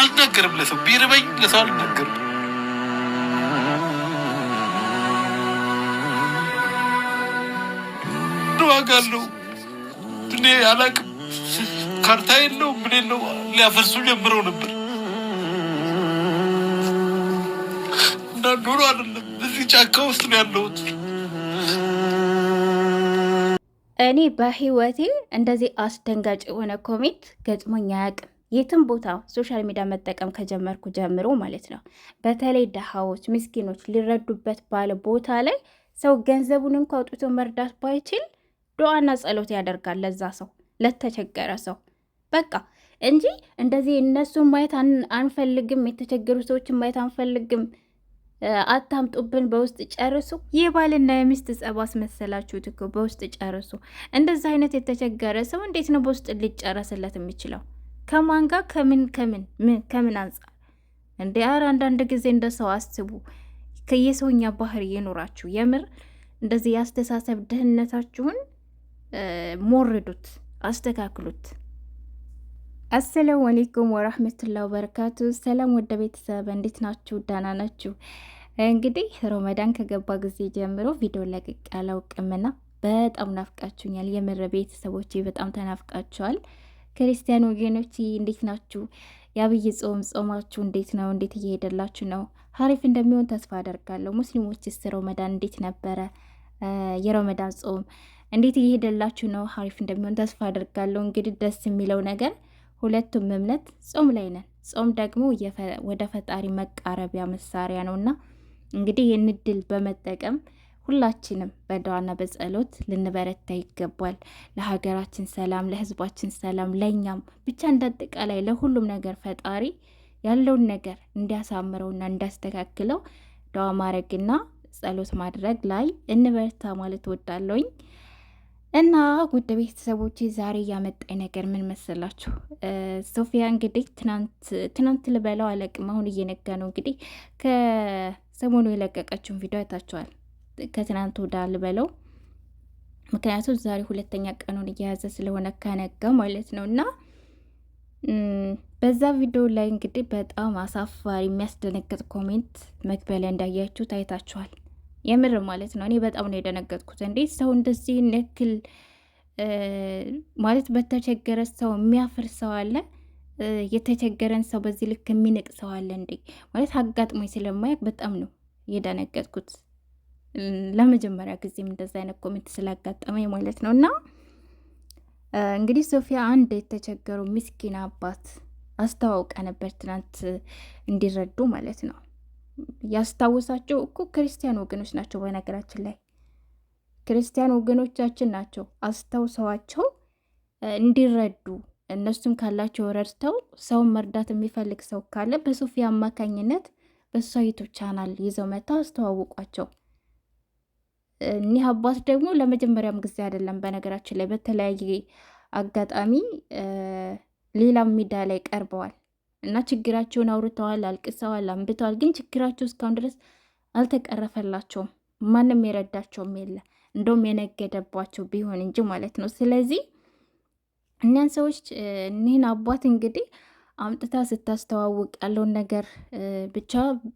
አልነገርም ለሰው ቢርበኝ ለሰው አልነገርም። ዋጋለሁ እኔ አላቅም። ካርታ የለው ምን የለው ሊያፈርሱ ጀምረው ነበር እና ኑሮ አይደለም እዚህ ጫካ ውስጥ ነው ያለሁት። እኔ በህይወቴ እንደዚህ አስደንጋጭ የሆነ ኮሜት ገጥሞኝ አያውቅም። የትም ቦታ ሶሻል ሚዲያ መጠቀም ከጀመርኩ ጀምሮ ማለት ነው። በተለይ ድሃዎች፣ ምስኪኖች ሊረዱበት ባለ ቦታ ላይ ሰው ገንዘቡን እንኳ አውጥቶ መርዳት ባይችል ዱዓና ጸሎት ያደርጋል ለዛ ሰው ለተቸገረ ሰው በቃ እንጂ እንደዚህ እነሱን ማየት አንፈልግም፣ የተቸገሩ ሰዎችን ማየት አንፈልግም፣ አታምጡብን፣ በውስጥ ጨርሱ። ባልና የሚስት ጸብ አስመሰላችሁት እኮ በውስጥ ጨርሱ። እንደዚህ አይነት የተቸገረ ሰው እንዴት ነው በውስጥ ሊጨረስለት የሚችለው? ከማን ጋር ከምን ከምን ከምን አንጻር እንደ ኧረ አንዳንድ ጊዜ እንደ ሰው አስቡ። ከየሰውኛ ባህሪ የኖራችሁ የምር እንደዚህ የአስተሳሰብ ድህነታችሁን ሞርዱት፣ አስተካክሉት። አሰላሙ አሌይኩም ወራህመቱላ ወበረካቱ። ሰላም ወደ ቤተሰብ እንዴት ናችሁ? ደህና ናችሁ? እንግዲህ ሮመዳን ከገባ ጊዜ ጀምሮ ቪዲዮ ለቅቄ አላውቅምና በጣም ናፍቃችሁኛል። የምር ቤተሰቦቼ በጣም ተናፍቃችኋል። ክርስቲያን ወገኖች እንዴት ናችሁ? የአብይ ጾም ጾማችሁ እንዴት ነው? እንዴት እየሄደላችሁ ነው? ሀሪፍ እንደሚሆን ተስፋ አደርጋለሁ። ሙስሊሞችስ ረመዳን እንዴት ነበረ? የረመዳን ጾም እንዴት እየሄደላችሁ ነው? ሀሪፍ እንደሚሆን ተስፋ አደርጋለሁ። እንግዲህ ደስ የሚለው ነገር ሁለቱም እምነት ጾም ላይ ነን። ጾም ደግሞ ወደ ፈጣሪ መቃረቢያ መሳሪያ ነው እና እንግዲህ ይህን ድል በመጠቀም ሁላችንም በደዋና በጸሎት ልንበረታ ይገባል። ለሀገራችን ሰላም፣ ለህዝባችን ሰላም፣ ለእኛም ብቻ እንዳጠቃላይ ለሁሉም ነገር ፈጣሪ ያለውን ነገር እንዲያሳምረውና እንዲያስተካክለው ድዋ ማድረግና ጸሎት ማድረግ ላይ እንበረታ ማለት ወዳለውኝ እና ጉድ ቤተሰቦች ዛሬ ያመጣኝ ነገር ምን መሰላችሁ? ሶፊያ እንግዲህ ትናንት ልበለው አለቅም፣ አሁን እየነጋ ነው። እንግዲህ ከሰሞኑ የለቀቀችውን ቪዲዮ አይታችኋል። ከትናንት ወዲያ ልበለው ምክንያቱም ዛሬ ሁለተኛ ቀኑን እየያዘ ስለሆነ ከነጋ ማለት ነው እና በዛ ቪዲዮ ላይ እንግዲህ በጣም አሳፋሪ የሚያስደነግጥ ኮሜንት መግቢያ ላይ እንዳያችሁ ታይታችኋል። የምር ማለት ነው እኔ በጣም ነው የደነገጥኩት። እንዴት ሰው እንደዚህ ነክል ማለት በተቸገረ ሰው የሚያፍር ሰው አለ፣ የተቸገረን ሰው በዚህ ልክ የሚንቅ ሰው አለ እንዴ! ማለት አጋጥሞኝ ስለማያውቅ በጣም ነው የደነገጥኩት። ለመጀመሪያ ጊዜም እንደዛ አይነት ኮሜንት ስላጋጠመኝ ማለት ነው። እና እንግዲህ ሶፊያ አንድ የተቸገሩ ምስኪን አባት አስተዋውቀ ነበር ትናንት እንዲረዱ ማለት ነው። ያስታወሳቸው እኮ ክርስቲያን ወገኖች ናቸው። በነገራችን ላይ ክርስቲያን ወገኖቻችን ናቸው አስታውሰዋቸው እንዲረዱ እነሱም ካላቸው ረድተው ሰውን መርዳት የሚፈልግ ሰው ካለ በሶፊያ አማካኝነት በእሷ ዩቱብ ቻናል ይዘው መጥተው አስተዋውቋቸው። እኒህ አባት ደግሞ ለመጀመሪያም ጊዜ አይደለም። በነገራችን ላይ በተለያየ አጋጣሚ ሌላም ሜዳ ላይ ቀርበዋል እና ችግራቸውን አውርተዋል፣ አልቅሰዋል፣ አንብተዋል። ግን ችግራቸው እስካሁን ድረስ አልተቀረፈላቸውም። ማንም የረዳቸውም የለ እንደውም የነገደባቸው ቢሆን እንጂ ማለት ነው። ስለዚህ እኒያን ሰዎች እኒህን አባት እንግዲህ አምጥታ ስታስተዋውቅ ያለውን ነገር ብቻ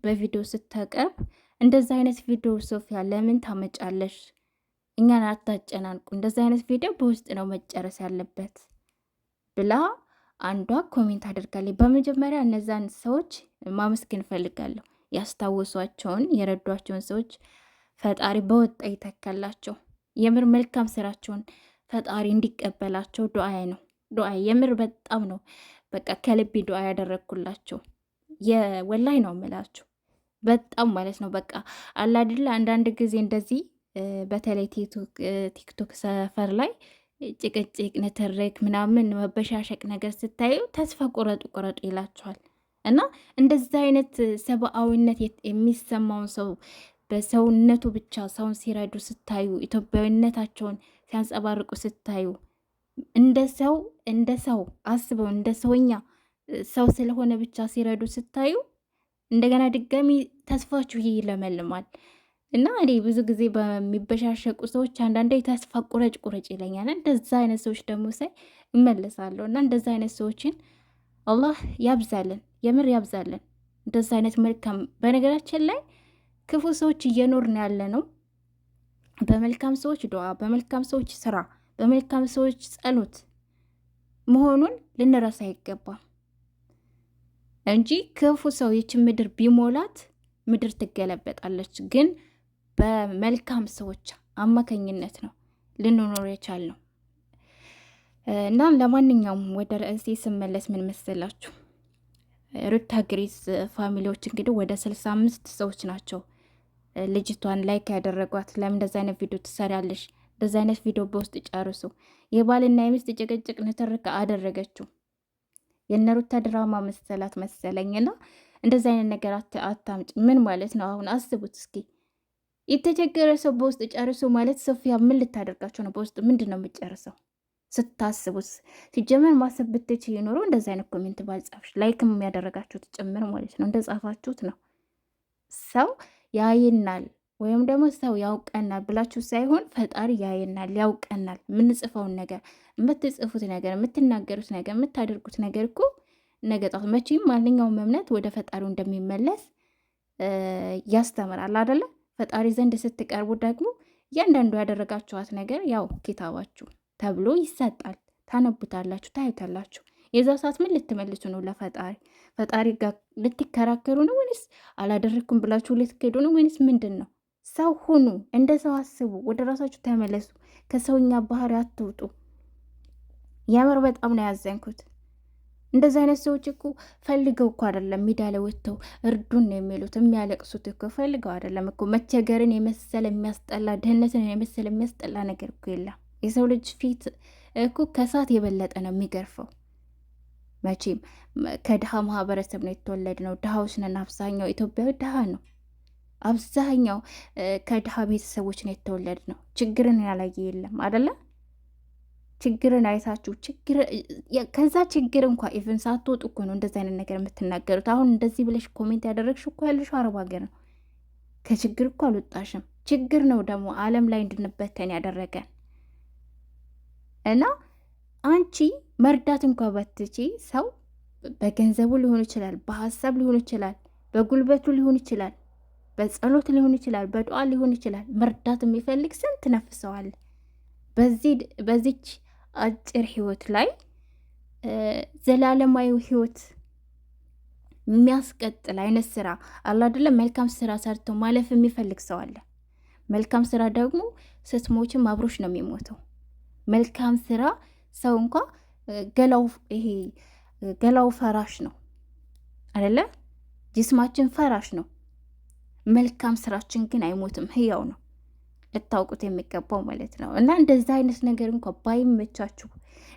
በቪዲዮ ስታቀርብ እንደዚህ አይነት ቪዲዮ ሶፊያ ለምን ታመጫለሽ? እኛን አታጨናንቁ። እንደዚ አይነት ቪዲዮ በውስጥ ነው መጨረስ ያለበት ብላ አንዷ ኮሜንት አድርጋለች። በመጀመሪያ እነዛን ሰዎች ማመስገን እፈልጋለሁ። ያስታወሷቸውን የረዷቸውን ሰዎች ፈጣሪ በወጣ ይተካላቸው። የምር መልካም ስራቸውን ፈጣሪ እንዲቀበላቸው ዱአዬ ነው። ዱአዬ የምር በጣም ነው። በቃ ከልቤ ዱአ ያደረግኩላቸው የወላይ ነው ምላቸው። በጣም ማለት ነው። በቃ አላድላ አንዳንድ ጊዜ እንደዚህ በተለይ ቲክቶክ ሰፈር ላይ ጭቅጭቅ፣ ንትርክ፣ ምናምን መበሻሸቅ ነገር ስታዩ ተስፋ ቁረጡ ቁረጡ ይላችኋል እና እንደዚህ አይነት ሰብአዊነት የሚሰማውን ሰው በሰውነቱ ብቻ ሰውን ሲረዱ ስታዩ ኢትዮጵያዊነታቸውን ሲያንጸባርቁ ስታዩ እንደ ሰው እንደ ሰው አስበው እንደ ሰውኛ ሰው ስለሆነ ብቻ ሲረዱ ስታዩ እንደገና ድጋሚ ተስፋችሁ ይለመልማል። እና እኔ ብዙ ጊዜ በሚበሻሸቁ ሰዎች አንዳንዴ ተስፋ ቁረጭ ቁረጭ ይለኛል። እንደዛ አይነት ሰዎች ደግሞ ሳይ እመለሳለሁ። እና እንደዛ አይነት ሰዎችን አላህ ያብዛልን፣ የምር ያብዛልን። እንደዛ አይነት መልካም በነገራችን ላይ ክፉ ሰዎች እየኖርን ያለ ነው። በመልካም ሰዎች ዱዓ፣ በመልካም ሰዎች ስራ፣ በመልካም ሰዎች ጸሎት መሆኑን ልንረሳ አይገባም። እንጂ ክፉ ሰው ይች ምድር ቢሞላት ምድር ትገለበጣለች። ግን በመልካም ሰዎች አማካኝነት ነው ልንኖር የቻልነው። እና ለማንኛውም ወደ ርዕሴ ስመለስ ምን መሰላችሁ፣ ሩታ ግሬስ ፋሚሊዎች እንግዲህ ወደ ስልሳ አምስት ሰዎች ናቸው ልጅቷን ላይክ ያደረጓት። ለምን እንደዚ አይነት ቪዲዮ ትሰሪያለሽ? እንደዚ አይነት ቪዲዮ በውስጥ ጨርሱ። የባልና የሚስት ጭቅጭቅ ንትርክ አደረገችው። የነሩታ ድራማ መሰላት መሰለኝ ና እንደዚ አይነት ነገር አታምጭ። ምን ማለት ነው? አሁን አስቡት እስኪ የተቸገረ ሰው በውስጥ ጨርሶ ማለት ሶፊያ ምን ልታደርጋቸው ነው? በውስጥ ምንድን ነው የምጨርሰው? ስታስቡት ሲጀመር ማሰብ ብትችል ይኖረው እንደዚ አይነት ኮሜንት ባልጻፍሽ፣ ላይክም የሚያደረጋችሁት ጭምር ማለት ነው እንደጻፋችሁት ነው ሰው ያይናል ወይም ደግሞ ሰው ያውቀናል ብላችሁ ሳይሆን ፈጣሪ ያየናል፣ ያውቀናል። የምንጽፈውን ነገር፣ የምትጽፉት ነገር፣ የምትናገሩት ነገር፣ የምታደርጉት ነገር እኮ ነገ ጧት መቼም ማንኛውም እምነት ወደ ፈጣሪው እንደሚመለስ ያስተምራል አደለ? ፈጣሪ ዘንድ ስትቀርቡ ደግሞ እያንዳንዱ ያደረጋችኋት ነገር ያው ኪታባችሁ ተብሎ ይሰጣል። ታነቡታላችሁ፣ ታዩታላችሁ። የዛ ሰዓት ምን ልትመልሱ ነው? ለፈጣሪ ፈጣሪ ጋር ልትከራከሩ ነው ወይንስ አላደረግኩም ብላችሁ ልትሄዱ ነው ወይንስ ምንድን ነው? ሰው ሁኑ፣ እንደ ሰው አስቡ፣ ወደ ራሳችሁ ተመለሱ፣ ከሰውኛ ባህሪ አትውጡ። የምር በጣም ነው ያዘንኩት። እንደዚህ አይነት ሰዎች እኮ ፈልገው እኮ አይደለም ሜዳ ላይ ወጥተው እርዱን ነው የሚሉት የሚያለቅሱት እኮ ፈልገው አይደለም እኮ። መቸገርን የመሰለ የሚያስጠላ ድህነትን የመሰለ የሚያስጠላ ነገር እኮ የለም። የሰው ልጅ ፊት እኮ ከእሳት የበለጠ ነው የሚገርፈው። መቼም ከድሃ ማህበረሰብ ነው የተወለድ ነው ድሃዎች ነን። አብዛኛው ኢትዮጵያዊ ድሃ ነው። አብዛኛው ከድሃ ቤተሰቦች ነው የተወለድ ነው። ችግርን ያላየ የለም አደለ? ችግርን አይታችሁ ከዛ ችግር እንኳ ኢቨን ሳትወጡ እኮ ነው እንደዚህ አይነት ነገር የምትናገሩት። አሁን እንደዚህ ብለሽ ኮሜንት ያደረግሽ እኮ ያለሽው አረብ ሀገር ነው። ከችግር እኮ አልወጣሽም። ችግር ነው ደግሞ አለም ላይ እንድንበተን ያደረገን እና አንቺ መርዳት እንኳ በትቺ ሰው በገንዘቡ ሊሆን ይችላል፣ በሀሳብ ሊሆን ይችላል፣ በጉልበቱ ሊሆን ይችላል በጸሎት ሊሆን ይችላል፣ በዱዓ ሊሆን ይችላል። መርዳት የሚፈልግ ስንት ነፍሰዋል። በዚች አጭር ህይወት ላይ ዘላለማዊ ህይወት የሚያስቀጥል አይነት ስራ አላ አይደለም። መልካም ስራ ሰርቶ ማለፍ የሚፈልግ ሰው አለ። መልካም ስራ ደግሞ ስትሞችም አብሮች ነው የሚሞተው። መልካም ስራ ሰው እንኳ ገላው ይሄ ገላው ፈራሽ ነው አደለ? ጅስማችን ፈራሽ ነው። መልካም ስራችን ግን አይሞትም፣ ህያው ነው። ልታውቁት የሚገባው ማለት ነው። እና እንደዛ አይነት ነገር እንኳ ባይመቻችሁ፣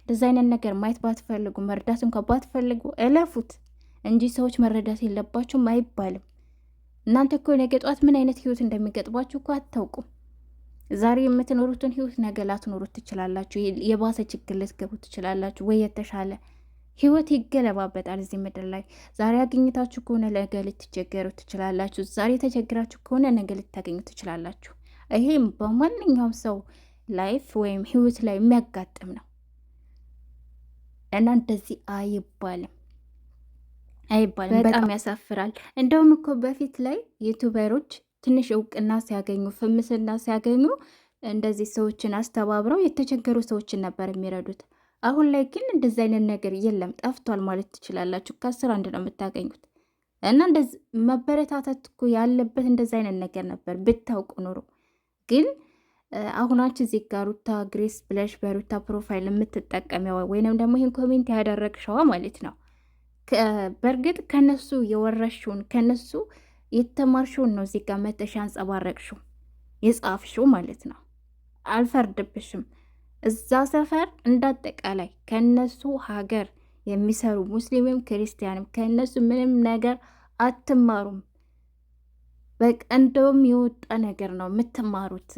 እንደዛ አይነት ነገር ማየት ባትፈልጉ፣ መረዳት እንኳ ባትፈልጉ እለፉት እንጂ ሰዎች መረዳት የለባችሁም አይባልም። እናንተ እኮ ነገ ምን አይነት ህይወት እንደሚገጥባችሁ እኮ አታውቁም። ዛሬ የምትኖሩትን ህይወት ነገ ላትኖሩት ትችላላችሁ። የባሰ ችግር ልትገቡ ትችላላችሁ ወይ የተሻለ ህይወት ይገለባበጣል እዚህ ምድር ላይ። ዛሬ አግኝታችሁ ከሆነ ነገ ልትቸገሩ ትችላላችሁ። ዛሬ ተቸግራችሁ ከሆነ ነገ ልታገኙ ትችላላችሁ። ይሄም በማንኛውም ሰው ላይፍ ወይም ህይወት ላይ የሚያጋጥም ነው እና እንደዚህ አይባልም አይባልም። በጣም ያሳፍራል። እንደውም እኮ በፊት ላይ ዩቱበሮች ትንሽ እውቅና ሲያገኙ፣ ፍምስና ሲያገኙ እንደዚህ ሰዎችን አስተባብረው የተቸገሩ ሰዎችን ነበር የሚረዱት። አሁን ላይ ግን እንደዚ አይነት ነገር የለም፣ ጠፍቷል ማለት ትችላላችሁ። ከአስር አንድ ነው የምታገኙት። እና መበረታታት እኮ ያለበት እንደዚ አይነት ነገር ነበር ብታውቁ ኖሮ። ግን አሁናች እዚህ ጋር ሩታ ግሬስ ብለሽ በሩታ ፕሮፋይል የምትጠቀሚዋ ወይንም ደግሞ ይህን ኮሜንት ያደረግሸዋ ማለት ነው በእርግጥ ከነሱ የወረሽውን ከነሱ የተማርሽውን ነው እዚህ ጋር መተሽ ያንጸባረቅሽው የጻፍሽው ማለት ነው። አልፈርድብሽም። እዛ ሰፈር እንዳጠቃላይ ከነሱ ሀገር የሚሰሩ ሙስሊምም ክርስቲያንም ከነሱ ምንም ነገር አትማሩም። በቃ እንደውም የወጣ ነገር ነው የምትማሩት፣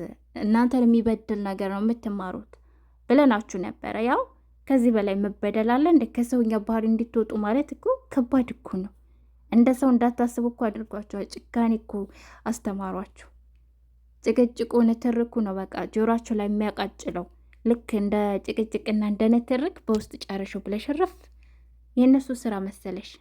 እናንተን የሚበድል ነገር ነው የምትማሩት ብለናችሁ ነበረ። ያው ከዚህ በላይ መበደላለ እንደ ከሰውኛ ባህሪ እንድትወጡ ማለት እኮ ከባድ እኮ ነው። እንደ ሰው እንዳታስቡ እኮ አድርጓችኋል። ጭካኔ እኮ አስተማሯችሁ። ጭቅጭቁን ትርኩ ነው በቃ ጆሯችሁ ላይ የሚያቃጭለው ልክ እንደ ጭቅጭቅና እንደ ንትርክ በውስጥ ጨረሽው ብለሽ የእነሱ ስራ መሰለሽ።